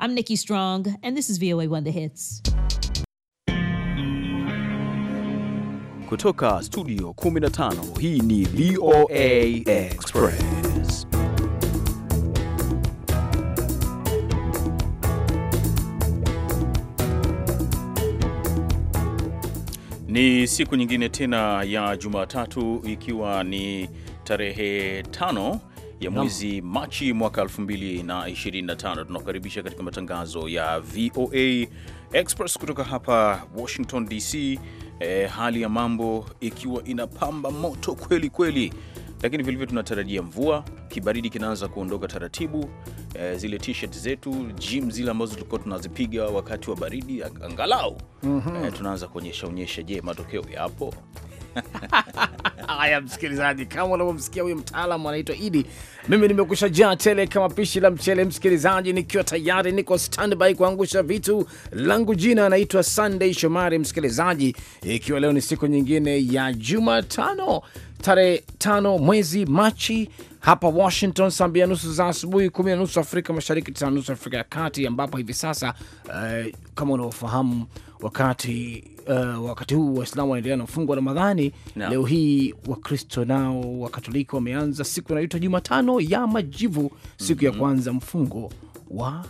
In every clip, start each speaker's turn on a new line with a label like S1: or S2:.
S1: I'm Nikki Strong, and this is VOA One The Hits.
S2: Kutoka studio 15, hii ni VOA Express. Ni siku nyingine tena ya Jumatatu ikiwa ni tarehe tano ya mwezi Machi mwaka 2025. Tunakaribisha katika matangazo ya VOA Express kutoka hapa Washington DC. E, eh, hali ya mambo ikiwa inapamba moto kweli kweli, lakini vilivyo tunatarajia mvua, kibaridi kinaanza kuondoka taratibu. E, zile t-shirt zetu gym zile ambazo tulikuwa tunazipiga wakati wa baridi angalau, mm -hmm. E, tunaanza kuonyesha onyesha, je, matokeo yapo? Haya, msikilizaji, kama unavyomsikia huyu
S1: mtaalamu anaitwa Idi. Mimi nimekusha jaa tele kama pishi la mchele, msikilizaji, nikiwa tayari niko standby kuangusha vitu langu. Jina anaitwa Sunday Shomari, msikilizaji, ikiwa leo ni siku nyingine ya Jumatano tarehe tano mwezi Machi hapa Washington, saa mbili na nusu za asubuhi, kumi na nusu Afrika Mashariki, tisa na nusu Afrika ya Kati, ambapo hivi sasa eh, kama unavyofahamu wakati uh, wakati huu Waislamu wanaendelea na mfungo wa Ramadhani no. Leo hii Wakristo nao Wakatoliki wameanza siku inayoitwa Jumatano ya Majivu, siku mm -hmm. ya mhm. kwanza mfungo wa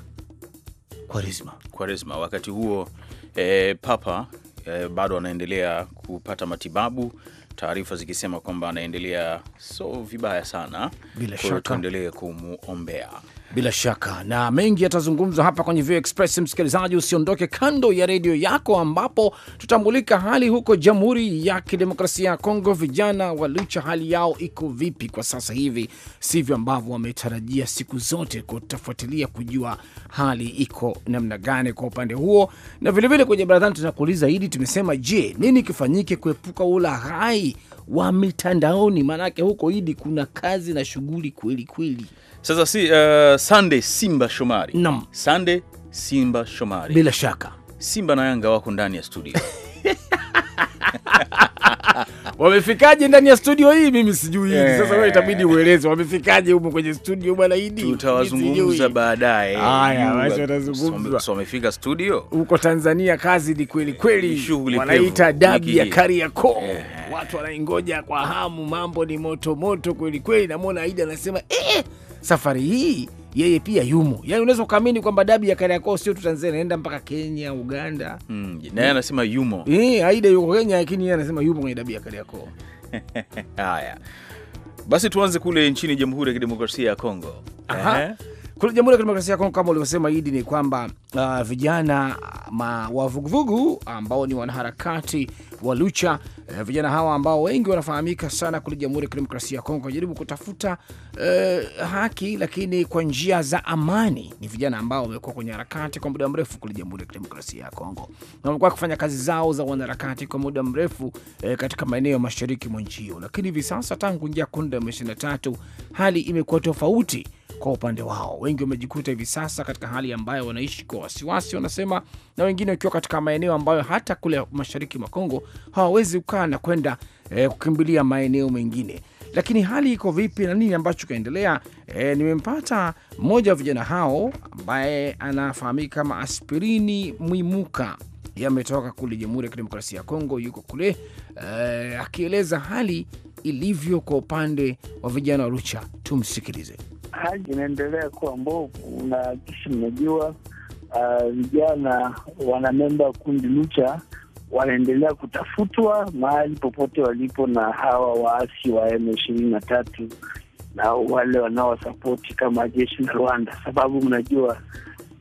S2: Kwaresma. Kwaresma wakati huo eh, Papa eh, bado anaendelea kupata matibabu, taarifa zikisema kwamba anaendelea so vibaya sana. Bila shaka tuendelee kumwombea. Bila shaka
S1: na mengi yatazungumzwa hapa kwenye Vio Express. Msikilizaji, usiondoke kando ya redio yako, ambapo tutambulika hali huko Jamhuri ya Kidemokrasia ya Kongo. Vijana wa Lucha, hali yao iko vipi kwa sasa hivi? Sivyo ambavyo wametarajia siku zote, kutafuatilia kujua hali iko namna gani kwa upande huo, na vilevile kwenye baradhani tunakuuliza hili, tumesema je, nini kifanyike kuepuka ulaghai wa mitandaoni, maanake huko Idi kuna kazi na shughuli kweli kweli.
S2: Sasa si uh, Sunday Simba Shomari no. Sunday Simba Shomari, bila shaka Simba na Yanga wako ndani ya studio wamefikaje ndani ya studio hii? Mimi sijui hivi yeah. Sasa itabidi ueleze wamefikaje humo kwenye studio bwana Idi, tutawazungumza baadaye. Haya basi,
S1: watazungumzwa so
S2: wamefika studio huko Tanzania. Kazi ni kweli kweli, wanaita dabi ya Kariakoo yeah. Watu wanaingoja
S1: kwa hamu, mambo ni moto moto kweli kweli. Namwona Idi anasema eh, safari hii yeye pia yumo. Yani unaweza ukaamini kwamba dabi ya Kariakoo sio tu Tanzania, inaenda mpaka Kenya, Uganda.
S2: Mm, naye anasema yumo.
S1: E, Aida yuko Kenya, lakini yeye anasema yumo kwenye dabi ya Kariakoo.
S2: Haya basi tuanze kule nchini Jamhuri ya Kidemokrasia ya Kongo. Aha. Eh?
S1: kule Jamhuri ya Kidemokrasia ya Kongo kama ulivyosema Idi, ni kwamba uh, vijana wa vuguvugu ambao ni wanaharakati wa Lucha uh, vijana hawa ambao wengi wanafahamika sana kule Jamhuri ya Kidemokrasia ya Kongo wanajaribu kutafuta uh, haki, lakini kwa njia za amani. Ni vijana ambao wamekuwa kwenye harakati kwa muda mrefu kule Jamhuri ya Kidemokrasia ya Kongo na wamekuwa wakifanya kazi zao za wanaharakati kwa muda mrefu uh, katika maeneo ya mashariki mwa nchi hiyo, lakini hivi sasa tangu njia kunda ya ishirini na tatu hali imekuwa tofauti kwa upande wao. Wengi wamejikuta hivi sasa katika hali ambayo wanaishi kwa wasiwasi, wanasema, na wengine wakiwa katika maeneo ambayo hata kule mashariki mwa Kongo hawawezi kukaa na kwenda eh, kukimbilia maeneo mengine. Lakini hali iko vipi na nini ambacho kinaendelea? E, nimempata mmoja wa vijana hao ambaye anafahamika kama Aspirini Mwimuka, yeye ametoka kule Jamhuri ya Kidemokrasia ya Kongo, yuko kule e, akieleza hali ilivyo kwa upande wa vijana wa Lucha. Tumsikilize
S3: hali inaendelea kuwa mbovu, na jinsi mnajua, ah, vijana uh, wana memba wa kundi Lucha wanaendelea kutafutwa mahali popote walipo na hawa waasi wa M ishirini na tatu na wale wanaosapoti kama jeshi la Rwanda, sababu mnajua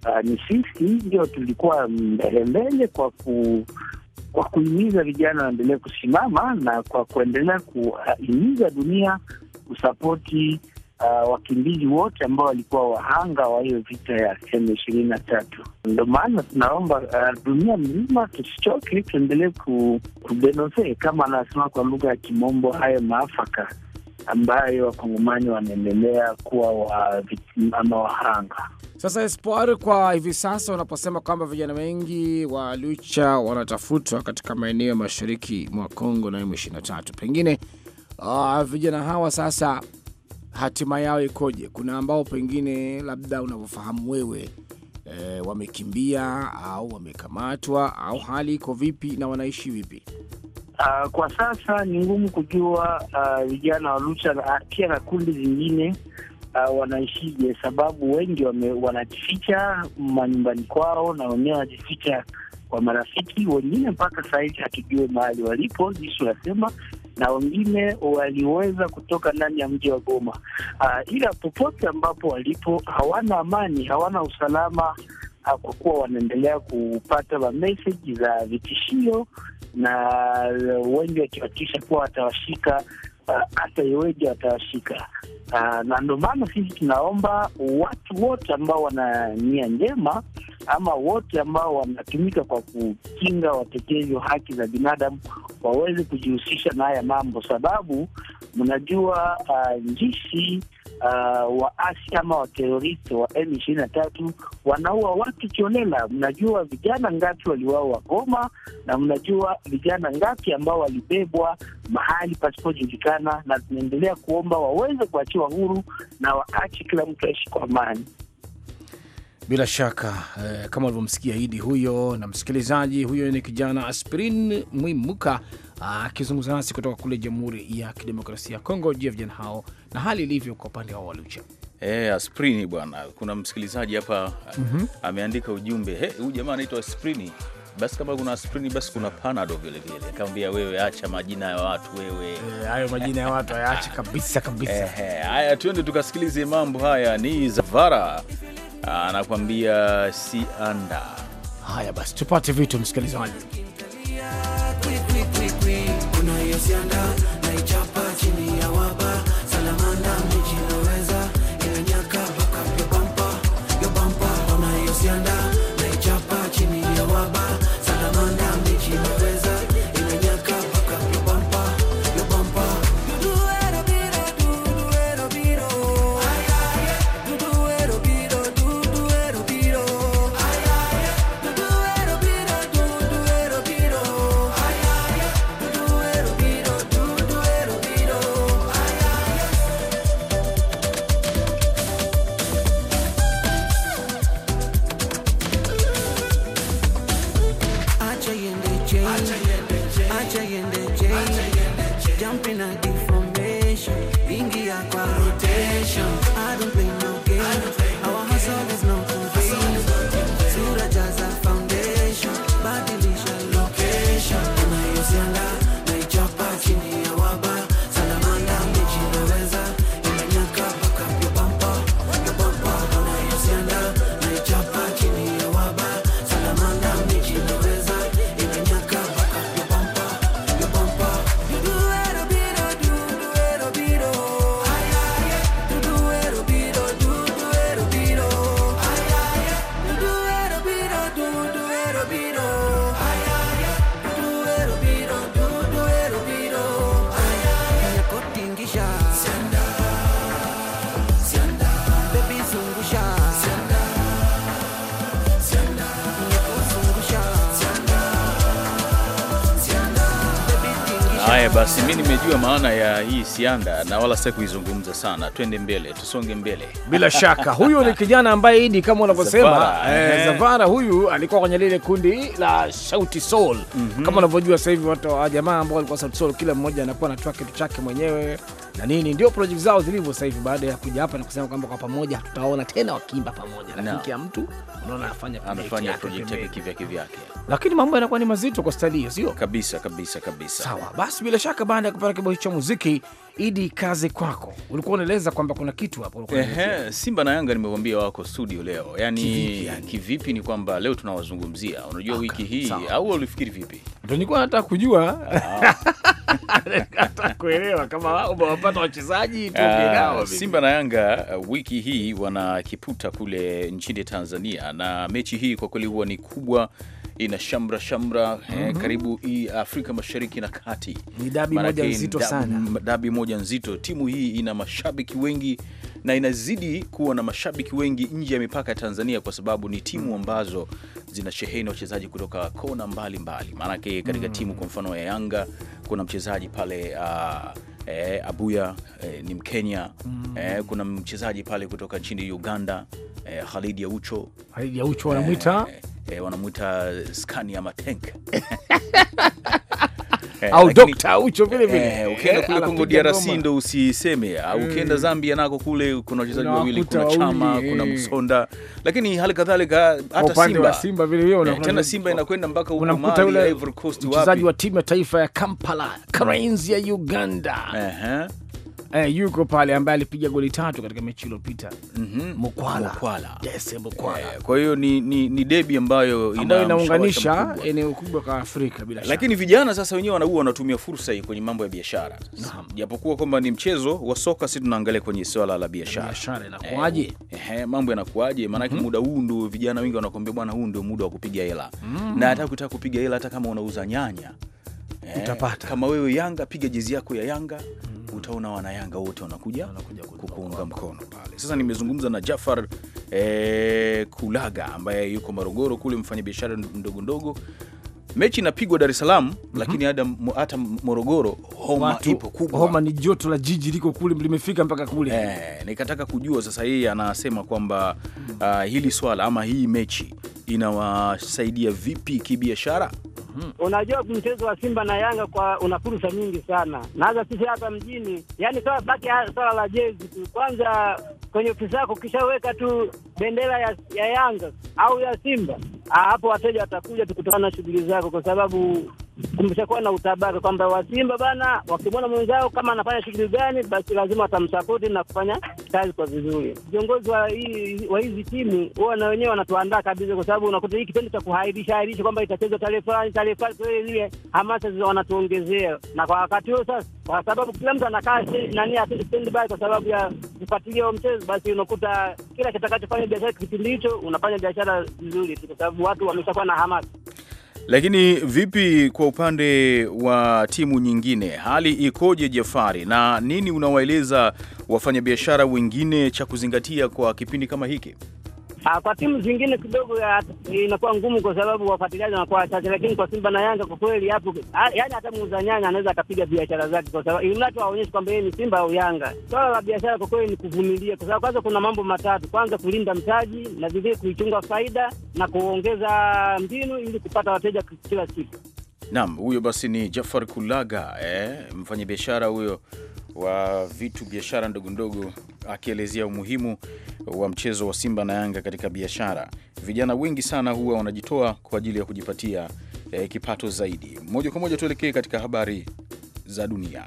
S3: uh, ah, ni sisi ndio tulikuwa mbelembele kwa ku kwa kuhimiza vijana waendelee kusimama na kwa kuendelea kuhimiza dunia kusapoti uh, wakimbizi wote ambao walikuwa wahanga wa hiyo vita ya sehemu ishirini na tatu. Ndo maana tunaomba uh, dunia mzima tusichoke, tuendelee kudenose kama anasema kwa lugha ya Kimombo, hayo maafaka ambayo wakongomani wanaendelea kuwa wa ama wahanga. Sasa Espoir, kwa
S1: hivi sasa unaposema kwamba vijana wengi wa Lucha wanatafutwa katika maeneo ya mashariki mwa Kongo na M ishirini na tatu, pengine uh, vijana hawa sasa hatima yao ikoje? Kuna ambao pengine labda unavyofahamu wewe e, wamekimbia au wamekamatwa au hali iko vipi na wanaishi vipi?
S3: Uh, kwa sasa ni ngumu kujua ah, vijana uh, wa Lucha pia na kundi zingine uh, wanaishije, sababu wengi wanajificha manyumbani kwao na wenyewe wanajificha kwa marafiki, wengine mpaka sahizi hatujue mahali walipo, Jisu unasema, na wengine waliweza kutoka ndani ya mji wa Goma. Uh, ila popote ambapo walipo hawana amani, hawana usalama kwa kuwa wanaendelea kupata mameseji za vitishio na wengi wakiwakisha kuwa watawashika ah, hata uh, iweje watawashika. Uh, na ndio maana sisi tunaomba watu wote ambao wana nia njema ama wote ambao wanatumika kwa kupinga watetezi wa haki za binadamu waweze kujihusisha na haya mambo, sababu mnajua uh, njishi uh, waasi ama wateroristi wa M ishirini na tatu wanaua watu kionela. Mnajua vijana ngapi waliwaua Goma, na mnajua vijana ngapi ambao walibebwa mahali pasipojulikana, na tunaendelea kuomba waweze kuachiwa huru na waache kila mtu aishi kwa amani.
S1: Bila shaka eh, kama ulivyomsikia Idi huyo na msikilizaji huyo, ni kijana Aspirin Mwimuka ah, akizungumza nasi kutoka kule Jamhuri ya Kidemokrasia ya Kongo juu ya vijana hao na hali ilivyo kwa upande wa Walucha.
S2: Hey, eh, Aspirini bwana, kuna msikilizaji hapa mm -hmm. ameandika ujumbe huyu hey, jamaa anaitwa Aspirini. Basi kama kuna aspirini basi kuna panado vilevile. vile. wewe acha majina ya watu wewe. Eh,
S1: hayo majina ya watu hayaacha kabisa kabisa. Eh,
S2: haya, tuende tukasikilize mambo haya ni Zavara Ah, anakuambia si anda.
S1: Haya basi, tupate vitu msikilizaji
S4: chain, H in the chain, jumping the
S2: Haya basi, mi nimejua maana ya hii sianda na wala sitaki kuizungumza sana. Twende mbele, tusonge mbele. Bila shaka huyu
S1: ni kijana ambaye Idi, kama unavyosema Zavara, eh, huyu alikuwa kwenye lile kundi la Sauti Sol. mm -hmm. Kama unavyojua sasa hivi watu wa jamaa ambao walikuwa Sauti Sol, kila mmoja anakuwa anatoa kitu chake mwenyewe na nini, ndio project zao zilivyo sasa hivi, baada ya kuja hapa na kusema kwamba kwa pamoja tutaona tena wakiimba pamoja, lakini kila mtu unaona anafanya anafanya project yake kivyake, lakini mambo yanakuwa ni mazito kwa stadio, sio kabisa kabisa
S2: kabisa. Sawa
S1: basi bila shaka baada ya kupata kibao hicho cha muziki Idi, kazi kwako. Ulikuwa unaeleza kwamba kuna kitu hapo
S2: ehe. Simba na Yanga nimekwambia wako studio leo, yani kivipi, yaani? Kivipi ni kwamba leo tunawazungumzia, unajua okay, ah, wiki hii Au ulifikiri vipi?
S1: Ndio nilikuwa nataka kujua ah.
S2: nataka kuelewa kama umewapata wachezaji ah, tunao. Simba na Yanga uh, wiki hii wanakiputa kule nchini Tanzania, na mechi hii kwa kweli huwa ni kubwa ina shamra shamra mm -hmm. eh, mhm. karibu hii Afrika Mashariki na Kati ni dabi moja nzito sana, dabi moja nzito. Timu hii ina mashabiki wengi na inazidi kuwa na mashabiki wengi nje ya mipaka ya Tanzania kwa sababu ni timu mm. ambazo zinasheheni wachezaji kutoka kona mbalimbali, maanake katika mm -hmm. timu kwa mfano ya Yanga kuna mchezaji pale uh, eh, Abuya eh, ni Mkenya mm. eh, kuna mchezaji pale kutoka nchini Uganda eh, Khalid Yaucho,
S1: Khalid Yaucho wanamwita
S2: eh, eh, wanamwita ya matenk Eh, au Dr. Ucho vile vile. Eh, ukienda kule Kongo DRC ndo usiseme, au ah, ukienda mm. Zambia nako kule kuna wachezaji wawili, kuna Chama, eh. kuna Msonda, lakini hali kadhalika hata Simba, Simba vile vile tena Simba inakwenda mpaka unakuta Ivory Coast, wapi mchezaji wa
S1: timu ya taifa ya Kampala Cranes ya Uganda eh, yuko pale ambaye alipiga goli tatu katika mechi iliyopita Mukwala, mhm. Mukwala. Yes, Mukwala. Eh,
S2: kwa hiyo ni, ni, ni debi ambayo inaunganisha
S1: eneo kubwa kwa Afrika bila shaka, lakini vijana sasa wenyewe
S2: wanaua wanatumia fursa hii kwenye mambo ya biashara, japokuwa kwamba ni mchezo wa soka, si tunaangalia kwenye swala la biashara, biashara inakuaje? Eh, eh, mambo yanakuaje? Maanake mm -hmm. muda huu ndo vijana wengi wanakuambia bwana, huu ndio muda wa kupiga hela mm -hmm. na hata ukitaka kupiga hela hata kama unauza nyanya Eh, utapata. Kama wewe Yanga piga jezi yako ya Yanga mm utaona wanayanga wote wanakuja kukuunga mkono pale. Sasa nimezungumza na Jafar e, Kulaga ambaye yuko Morogoro kule, mfanya biashara ndogo ndogo mechi inapigwa Dar es Salaam mm -hmm. Lakini hata Morogoro homa Watu, ipo kubwa. Homa
S1: ni joto la jiji liko kule limefika mpaka kule
S5: e,
S2: nikataka kujua sasa, hii anasema kwamba mm -hmm. uh, hili swala ama hii mechi inawasaidia vipi kibiashara?
S5: -hmm. Unajua mchezo wa Simba na Yanga kwa una fursa nyingi sana, na hata sisi hapa mjini, yani sawa, baki swala la jezi tu kwanza kwenye ofisi yako, ukishaweka tu bendera ya, ya Yanga au ya Simba, ah, hapo wateja watakuja tu kutokana na shughuli zako, kwa sababu kumeshakuwa na utabaka kwamba Wasimba bana, wakimwona mwenzao kama anafanya shughuli gani, basi lazima watamsapoti na kufanya kazi kwa vizuri. Viongozi wa hii wa hizi timu huwa na wenyewe wanatuandaa kabisa, kwa sababu unakuta hii kitendo cha kuhairisha airisha kwamba itachezwa tarehe fulani tarehe fulani, kwa ile hamasa wanatuongezea, na kwa wakati huo sasa, kwa sababu kila mtu anakaa nani standby kwa sababu ya kufuatilia mchezo, basi unakuta kila kitakachofanya ukifanya biashara kipindi hicho unafanya biashara nzuri tu, kwa sababu watu wameshakuwa na hamasa.
S2: Lakini vipi kwa upande wa timu nyingine, hali ikoje Jafari, na nini unawaeleza wafanyabiashara wengine cha kuzingatia kwa kipindi kama hiki?
S5: Ah, kwa timu zingine kidogo inakuwa ngumu kwa sababu wafuatiliaji wanakuwa wachache, lakini kwa Simba na Yanga kwa kweli hapo, yaani hata muuza nyanya anaweza akapiga biashara zake, kwa sababu ilimradi aonyeshe kwamba yeye ni Simba au Yanga. Swala la biashara kwa kweli ni kuvumilia, kwa sababu kwanza kuna mambo matatu: kwanza kulinda mtaji, na vilevile kuichunga faida na kuongeza mbinu ili kupata wateja kila siku.
S2: Naam, huyo basi ni Jafar Kulaga, eh, mfanyabiashara huyo wa vitu biashara ndogo ndogo, akielezea umuhimu wa mchezo wa Simba na Yanga katika biashara. Vijana wengi sana huwa wanajitoa kwa ajili ya kujipatia eh, kipato zaidi. Moja kwa moja tuelekee katika habari za dunia.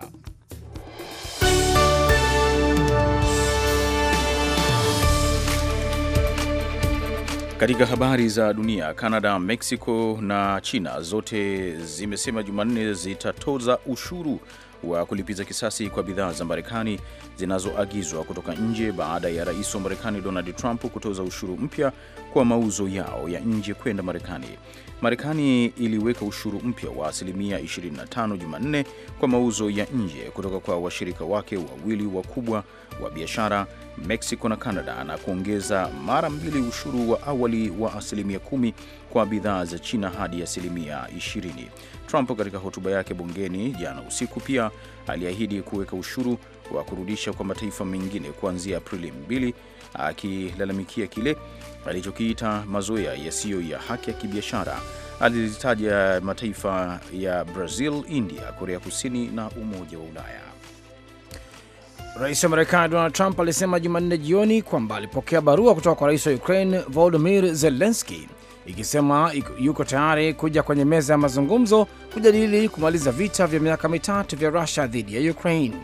S2: Katika habari za dunia, Canada, Mexico na China zote zimesema Jumanne zitatoza ushuru wa kulipiza kisasi kwa bidhaa za Marekani zinazoagizwa kutoka nje baada ya rais wa Marekani Donald Trump kutoza ushuru mpya kwa mauzo yao ya nje kwenda Marekani. Marekani iliweka ushuru mpya wa asilimia 25 Jumanne kwa mauzo ya nje kutoka kwa washirika wake wawili wakubwa wa biashara, Mexico na Canada, na kuongeza mara mbili ushuru wa awali wa asilimia kumi kwa bidhaa za China hadi asilimia 20. Trump katika hotuba yake bungeni jana usiku pia aliahidi kuweka ushuru wa kurudisha kwa mataifa mengine kuanzia Aprili mbili akilalamikia kile alichokiita mazoea yasiyo ya haki ya kibiashara. Alizitaja mataifa ya Brazil, India, Korea Kusini na Umoja wa Ulaya.
S1: Rais wa Marekani Donald Trump alisema Jumanne jioni kwamba alipokea barua kutoka kwa rais wa Ukraine Volodymyr Zelensky ikisema yuko tayari kuja kwenye meza ya mazungumzo kujadili kumaliza vita vya miaka mitatu vya Rusia dhidi ya Ukraine.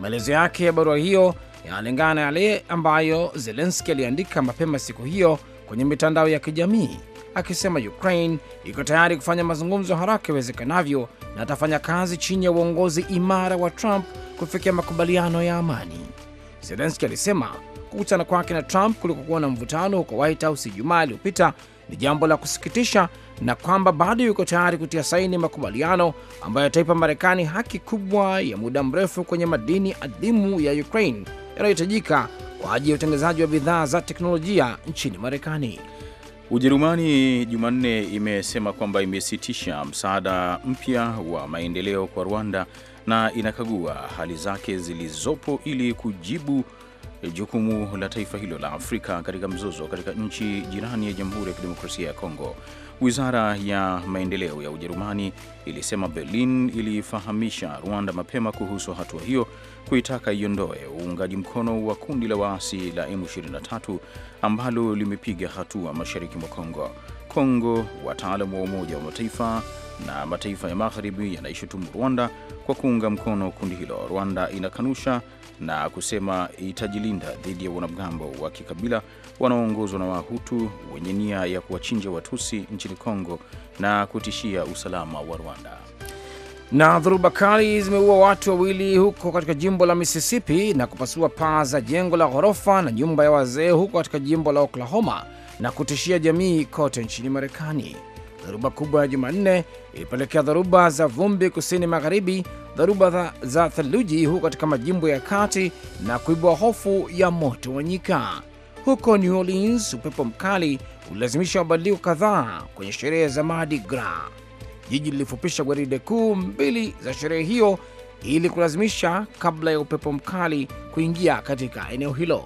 S1: Maelezo yake ya barua hiyo yanalingana na yale ambayo Zelenski aliandika mapema siku hiyo kwenye mitandao ya kijamii akisema Ukraine iko tayari kufanya mazungumzo haraka iwezekanavyo na atafanya kazi chini ya uongozi imara wa Trump kufikia makubaliano ya amani. Zelenski alisema kukutana kwake na Trump kulikokuwa na mvutano huko White House Ijumaa iliyopita ni jambo la kusikitisha na kwamba bado yuko tayari kutia saini makubaliano ambayo yataipa Marekani haki kubwa ya muda mrefu kwenye madini adhimu ya Ukraine yanayohitajika kwa ajili ya utengenezaji wa bidhaa za teknolojia nchini Marekani.
S2: Ujerumani Jumanne imesema kwamba imesitisha msaada mpya wa maendeleo kwa Rwanda na inakagua hali zake zilizopo ili kujibu jukumu la taifa hilo la Afrika katika mzozo katika nchi jirani ya Jamhuri ya Kidemokrasia ya Kongo. Wizara ya maendeleo ya Ujerumani ilisema Berlin ilifahamisha Rwanda mapema kuhusu hatua hiyo, kuitaka iondoe uungaji mkono wa kundi la waasi la M23 ambalo limepiga hatua mashariki mwa Kongo. Kongo, wataalamu wa Umoja wa Mataifa na mataifa ya magharibi yanaishutumu Rwanda kwa kuunga mkono kundi hilo. Rwanda inakanusha na kusema itajilinda dhidi ya wanamgambo wa kikabila wanaoongozwa na Wahutu wenye nia ya kuwachinja Watusi nchini Kongo na kutishia usalama wa Rwanda. Na
S1: dhoruba kali zimeua watu wawili huko katika jimbo la Mississippi na kupasua paa za jengo la ghorofa na nyumba ya wazee huko katika jimbo la Oklahoma na kutishia jamii kote nchini Marekani. Dharuba kubwa ya Jumanne ilipelekea dharuba za vumbi kusini magharibi, dharuba za theluji huko katika majimbo ya kati na kuibua hofu ya moto wa nyika. Huko New Orleans, upepo mkali ulilazimisha mabadiliko kadhaa kwenye sherehe za Mardi Gras. Jiji lilifupisha gwaride kuu mbili za sherehe hiyo ili kulazimisha kabla ya upepo mkali kuingia katika eneo hilo.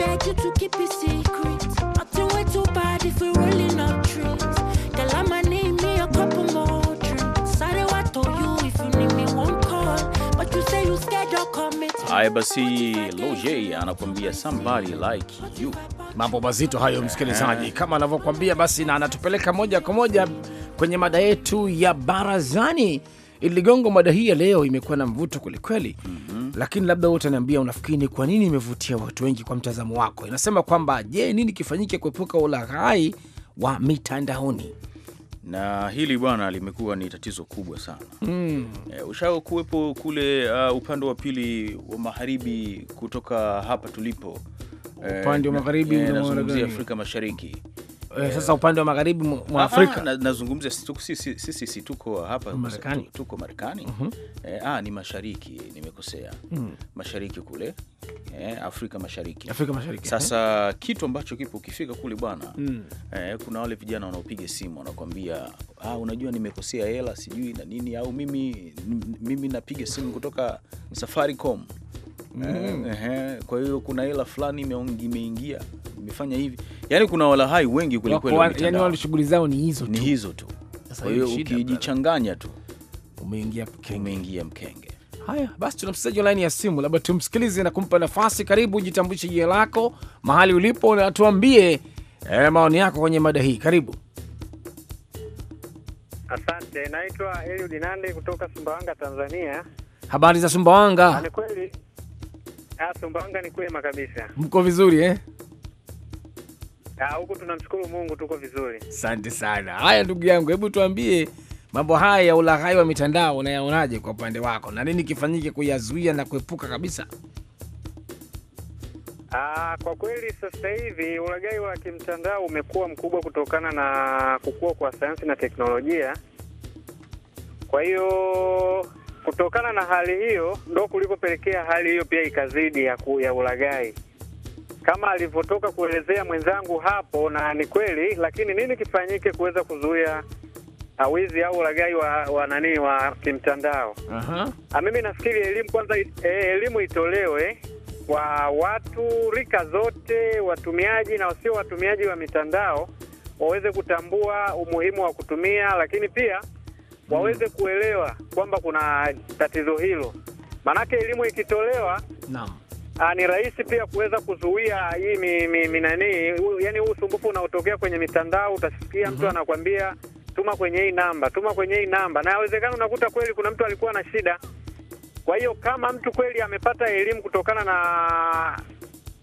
S6: beg you to keep it secret. Nothing way too bad if we're rolling up trees. Girl, I'ma need me a couple more drinks. Sorry, what to you if you need me one call, but you say you scared your commit.
S2: Haya basi, Loje anakuambia somebody like you.
S1: Mambo mazito hayo, msikilizaji, kama anavyokuambia basi, na anatupeleka moja kwa moja kwenye mada yetu ya barazani. Iligongo, mada hii ya leo imekuwa na mvuto kwelikweli. mm -hmm. Lakini labda wewe utaniambia unafikiri kwa nini imevutia watu wengi kwa mtazamo wako? Inasema kwamba je, nini kifanyike kuepuka ulaghai wa mitandaoni?
S2: Na hili bwana limekuwa ni tatizo kubwa sana mm. E, ushao kuwepo kule uh, upande wa pili wa magharibi kutoka hapa tulipo e, upande wa magharibi, e, Afrika Mashariki yeah. Sasa
S1: upande wa magharibi mwa ah, Afrika
S2: ah, nazungumza sisi si tuko hapa Marekani, tuko Marekani uh mhm. -huh. Eh, ah, ni mashariki nimekosea, mm. mashariki kule eh, Afrika mashariki, Afrika mashariki. Eh. Sasa eh, kitu ambacho kipo ukifika kule bwana mm. eh, kuna wale vijana wanaopiga simu wanakuambia ah, unajua nimekosea hela sijui na nini au mimi, mimi napiga simu kutoka Safaricom mm. eh, eh, kwa hiyo kuna hela fulani imeingia umefanya hivi. Yani kuna walahai wengi kwelikweli, yani wale shughuli zao ni hizo tu, ni hizo tu. Kwa hiyo ukijichanganya tu umeingia umeingia mkenge. Haya basi, tuna
S1: msikilizaji laini ya simu, labda tumsikilize na kumpa nafasi. Karibu, jitambulishe jina lako, mahali ulipo, na tuambie eh, maoni yako kwenye mada hii. Karibu.
S7: Asante, naitwa Eliud Nande kutoka Sumbawanga, Tanzania.
S1: Habari za Sumbawanga? Ah, ni
S7: kweli, ah, Sumbawanga ni kwema kabisa.
S1: Mko vizuri eh?
S7: Ah, huku tunamshukuru Mungu, tuko vizuri.
S1: Asante sana. Haya ndugu yangu, hebu tuambie mambo haya ya ulaghai wa mitandao unayaonaje kwa upande wako, na nini kifanyike kuyazuia na kuepuka kabisa?
S7: Aa, ah, kwa kweli sasa hivi ulaghai wa kimtandao umekuwa mkubwa kutokana na kukua kwa sayansi na teknolojia. Kwa hiyo kutokana na hali hiyo ndo kulikopelekea hali hiyo pia ikazidi ya, ya ulaghai kama alivyotoka kuelezea mwenzangu hapo, na ni kweli. Lakini nini kifanyike kuweza kuzuia ah, wizi au ulagai wa, wa nani wa kimtandao?
S4: Uh-huh.
S7: Mimi nafikiri elimu kwanza, eh, elimu itolewe kwa watu rika zote, watumiaji na wasio watumiaji wa mitandao waweze kutambua umuhimu wa kutumia, lakini pia waweze hmm. kuelewa kwamba kuna tatizo hilo, maanake elimu ikitolewa no. Aa, ah, ni rahisi pia kuweza kuzuia hii mi, mi, nani yani huu usumbufu unaotokea kwenye mitandao. Utasikia mm -hmm. mtu mhm. anakwambia tuma kwenye hii namba, tuma kwenye hii namba, na yawezekana unakuta kweli kuna mtu alikuwa na shida. Kwa hiyo kama mtu kweli amepata elimu kutokana na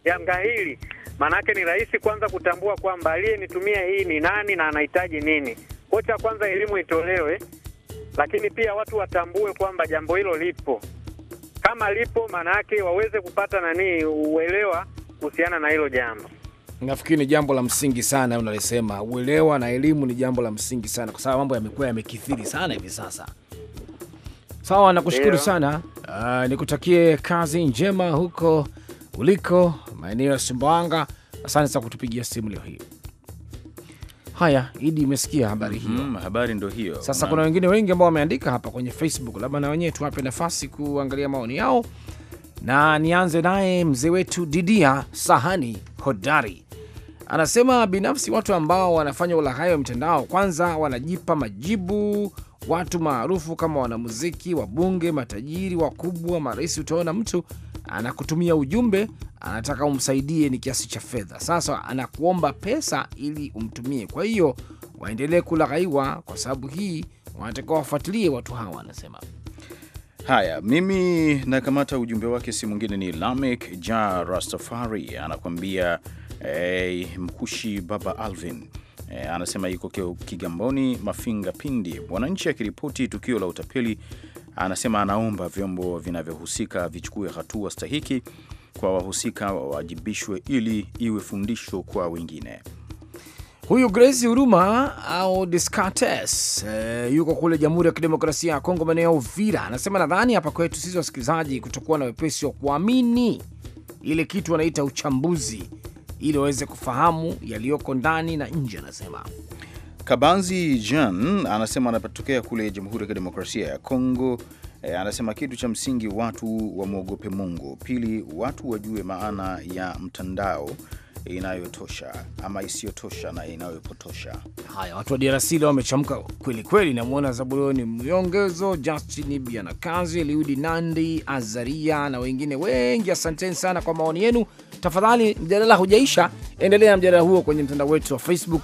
S7: janga hili, maanake ni rahisi kwanza kutambua kwamba aliyenitumia hii ni nani na anahitaji nini. Kocha kwanza elimu itolewe, lakini pia watu watambue kwamba jambo hilo lipo kama lipo, maana yake waweze kupata nani uelewa kuhusiana na hilo jambo.
S1: Nafikiri ni jambo la msingi sana unalisema, uelewa na elimu ni jambo la msingi sana, kwa sababu mambo yamekuwa yamekithiri sana hivi sasa. Sawa, nakushukuru sana. Uh, nikutakie kazi njema huko uliko maeneo ya Sumbawanga. Asante sana kutupigia simu leo hii. Haya, Idi, imesikia habari hiyo? Mm,
S2: habari ndo hiyo. Sasa Ma. kuna
S1: wengine wengi ambao wameandika hapa kwenye Facebook, labda na wenyewe tuwape nafasi kuangalia maoni yao, na nianze naye mzee wetu Didia Sahani Hodari anasema binafsi, watu ambao wanafanya ulaghai wa mitandao kwanza wanajipa majibu watu maarufu kama wanamuziki, wabunge, matajiri wakubwa, marais. Utaona mtu anakutumia ujumbe, anataka umsaidie, ni kiasi cha fedha. Sasa anakuomba pesa ili umtumie. Kwa hiyo waendelee kulaghaiwa kwa sababu hii, wanatakiwa wafuatilie watu hawa, anasema.
S2: Haya, mimi nakamata ujumbe wake, si mwingine ni Lamek Ja Rastafari, anakuambia hey, mkushi baba Alvin E, anasema yuko Kigamboni Mafinga Pindi. Mwananchi akiripoti tukio la utapeli Anasema anaomba vyombo vinavyohusika vichukue hatua stahiki kwa wahusika wawajibishwe, ili iwe fundisho kwa wengine.
S1: Huyu Grace Huruma au Descartes e, yuko kule Jamhuri ya Kidemokrasia ya Kongo, maeneo ya Uvira, anasema nadhani hapa kwetu sisi wasikilizaji kutokuwa na wepesi wa kuamini ile kitu wanaita uchambuzi, ili waweze kufahamu yaliyoko ndani na nje, anasema
S2: Kabanzi Jan anasema anatokea kule Jamhuri ya Kidemokrasia ya Kongo. E, anasema kitu cha msingi watu wamwogope Mungu, pili watu wajue maana ya mtandao inayotosha ama isiyotosha na inayopotosha. Haya,
S1: watu wa DRC leo wamechamka kweli kweli. Namwona Zabuloni Miongezo, Justin Bianakazi, Liudi Nandi, Azaria na wengine wengi. Asanteni sana kwa maoni yenu. Tafadhali, mjadala hujaisha, endelea na mjadala huo kwenye mtandao wetu wa Facebook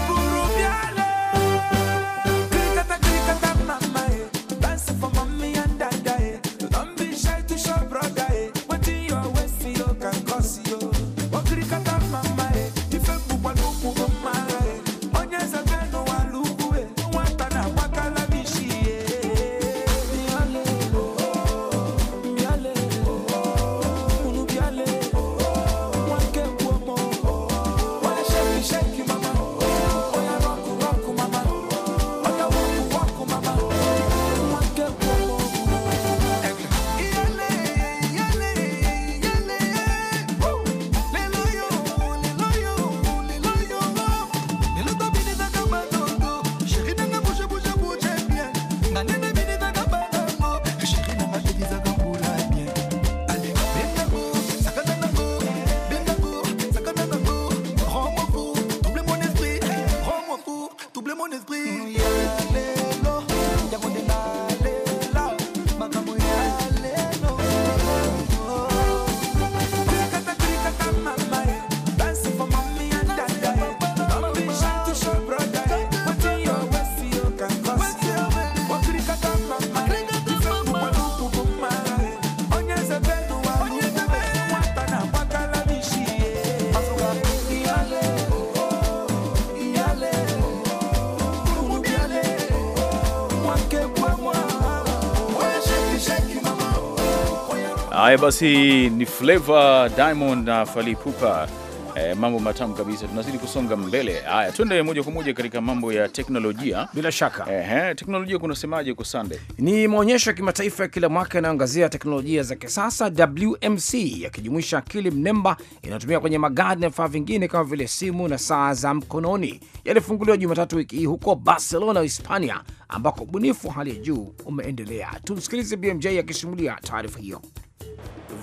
S2: Haya basi, ni Flavor Diamond na Fally Ipupa. E, eh, mambo matamu kabisa, tunazidi kusonga mbele. Haya, twende moja kwa moja katika mambo ya teknolojia. Bila shaka ehe, teknolojia kunasemaje kwa Sunday? Ni maonyesho ya kimataifa ya kila
S1: mwaka yanayoangazia teknolojia za kisasa WMC, yakijumuisha akili mnemba inayotumia kwenye magari na vifaa vingine kama vile simu na saa za mkononi. Yalifunguliwa Jumatatu wiki hii huko Barcelona, Hispania, ambako ubunifu hali ya juu umeendelea. Tumsikilize BMJ
S8: akisimulia taarifa hiyo.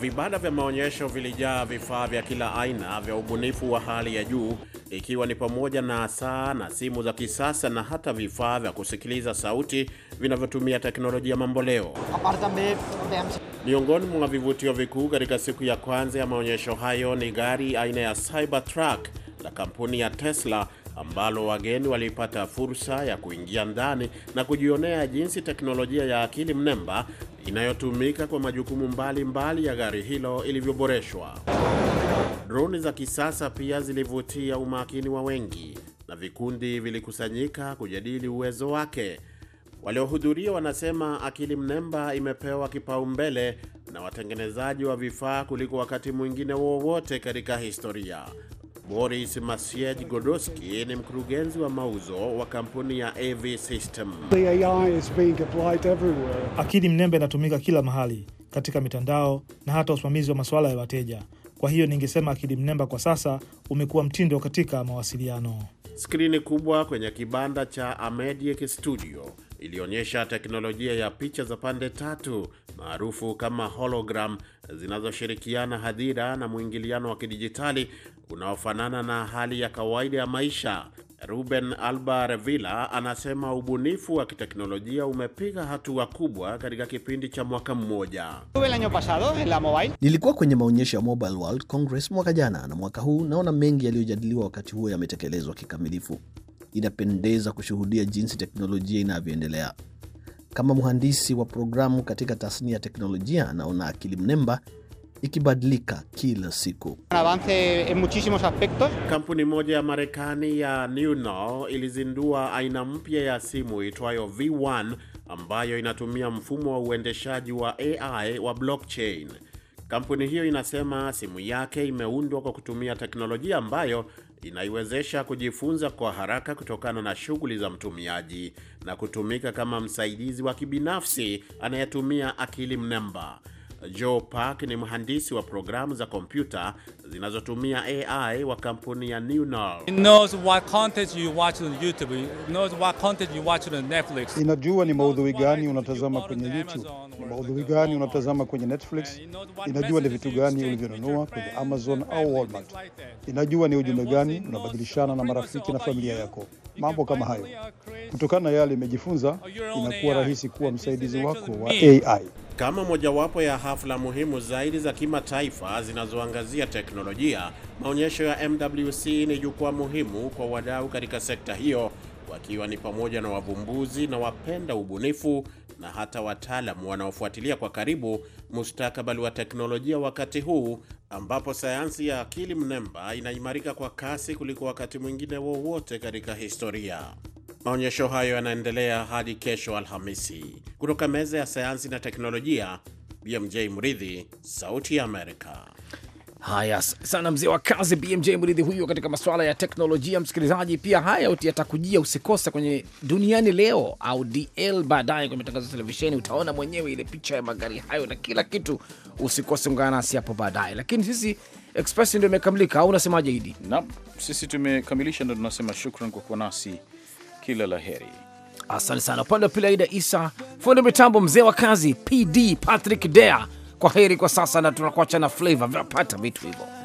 S8: Vibanda vya maonyesho vilijaa vifaa vya kila aina vya ubunifu wa hali ya juu, ikiwa ni pamoja na saa na simu za kisasa na hata vifaa vya kusikiliza sauti vinavyotumia teknolojia mamboleo. Miongoni mwa vivutio vikuu katika siku ya kwanza ya maonyesho hayo ni gari aina ya Cybertruck la kampuni ya Tesla ambalo wageni walipata fursa ya kuingia ndani na kujionea jinsi teknolojia ya akili mnemba inayotumika kwa majukumu mbalimbali mbali ya gari hilo ilivyoboreshwa. Droni za kisasa pia zilivutia umakini wa wengi na vikundi vilikusanyika kujadili uwezo wake. Waliohudhuria wanasema akili mnemba imepewa kipaumbele na watengenezaji wa vifaa kuliko wakati mwingine wowote katika historia. Boris Masiej Godoski ni mkurugenzi wa mauzo wa kampuni ya AV System.
S5: Akili mnembe inatumika
S2: kila mahali katika mitandao na hata usimamizi wa masuala ya wateja. Kwa hiyo ningesema akili mnemba kwa sasa umekuwa mtindo katika mawasiliano.
S8: Skrini kubwa kwenye kibanda cha Amedic Studio ilionyesha teknolojia ya picha za pande tatu maarufu kama hologram zinazoshirikiana hadhira na mwingiliano wa kidijitali unaofanana na hali ya kawaida ya maisha. Ruben Alba Revilla anasema ubunifu wa kiteknolojia umepiga hatua kubwa katika kipindi cha mwaka
S7: mmoja.
S2: Nilikuwa kwenye maonyesho ya Mobile World Congress mwaka jana na mwaka huu, naona mengi yaliyojadiliwa wakati huo yametekelezwa kikamilifu inapendeza kushuhudia jinsi teknolojia inavyoendelea. Kama mhandisi wa programu katika tasnia ya teknolojia, anaona akili mnemba ikibadilika kila siku.
S8: Kampuni moja ya Marekani ya Newnow ilizindua aina mpya ya simu itwayo V1 ambayo inatumia mfumo wa uendeshaji wa AI wa blockchain. Kampuni hiyo inasema simu yake imeundwa kwa kutumia teknolojia ambayo inaiwezesha kujifunza kwa haraka kutokana na shughuli za mtumiaji na kutumika kama msaidizi wa kibinafsi anayetumia akili mnemba. Joe Park ni mhandisi wa programu za kompyuta zinazotumia AI wa kampuni ya Netflix.
S2: Inajua ni maudhui gani unatazama kwenye YouTube, ni maudhui gani unatazama kwenye Netflix. Inajua ni vitu gani ulivyonunua kwenye Amazon au Walmart. Inajua ni ujumbe gani unabadilishana na marafiki na familia yako, mambo kama hayo. Kutokana na yale imejifunza, inakuwa rahisi kuwa msaidizi wako wa AI
S8: kama mojawapo ya hafla muhimu zaidi za kimataifa zinazoangazia teknolojia. Maonyesho ya MWC ni jukwaa muhimu kwa wadau katika sekta hiyo, wakiwa ni pamoja na wavumbuzi na wapenda ubunifu na hata wataalamu wanaofuatilia kwa karibu mustakabali wa teknolojia wakati huu ambapo sayansi ya akili mnemba inaimarika kwa kasi kuliko wakati mwingine wowote katika historia. Maonyesho hayo yanaendelea hadi kesho Alhamisi. Kutoka meza ya sayansi na teknolojia, BMJ Mridhi, Sauti ya Amerika. Haya
S1: sana mzee wa kazi BMJ Mridhi huyo katika masuala ya teknolojia. Msikilizaji, pia haya yatakujia, usikose kwenye Duniani Leo au DL baadaye kwenye matangazo ya televisheni. Utaona mwenyewe ile picha ya magari hayo na kila kitu, usikose, ungana nasi hapo baadaye. Lakini sisi Express ndio imekamilika, au unasemaje Idi? Nam, sisi tumekamilisha, ndo tunasema shukran kwa kuwa nasi kila la heri. Asante sana upande wa pili Aida Isa, fundi mitambo, mzee wa kazi PD Patrick Dea. Kwa heri kwa sasa, na tunakuacha na Flavor, vinapata vitu hivyo.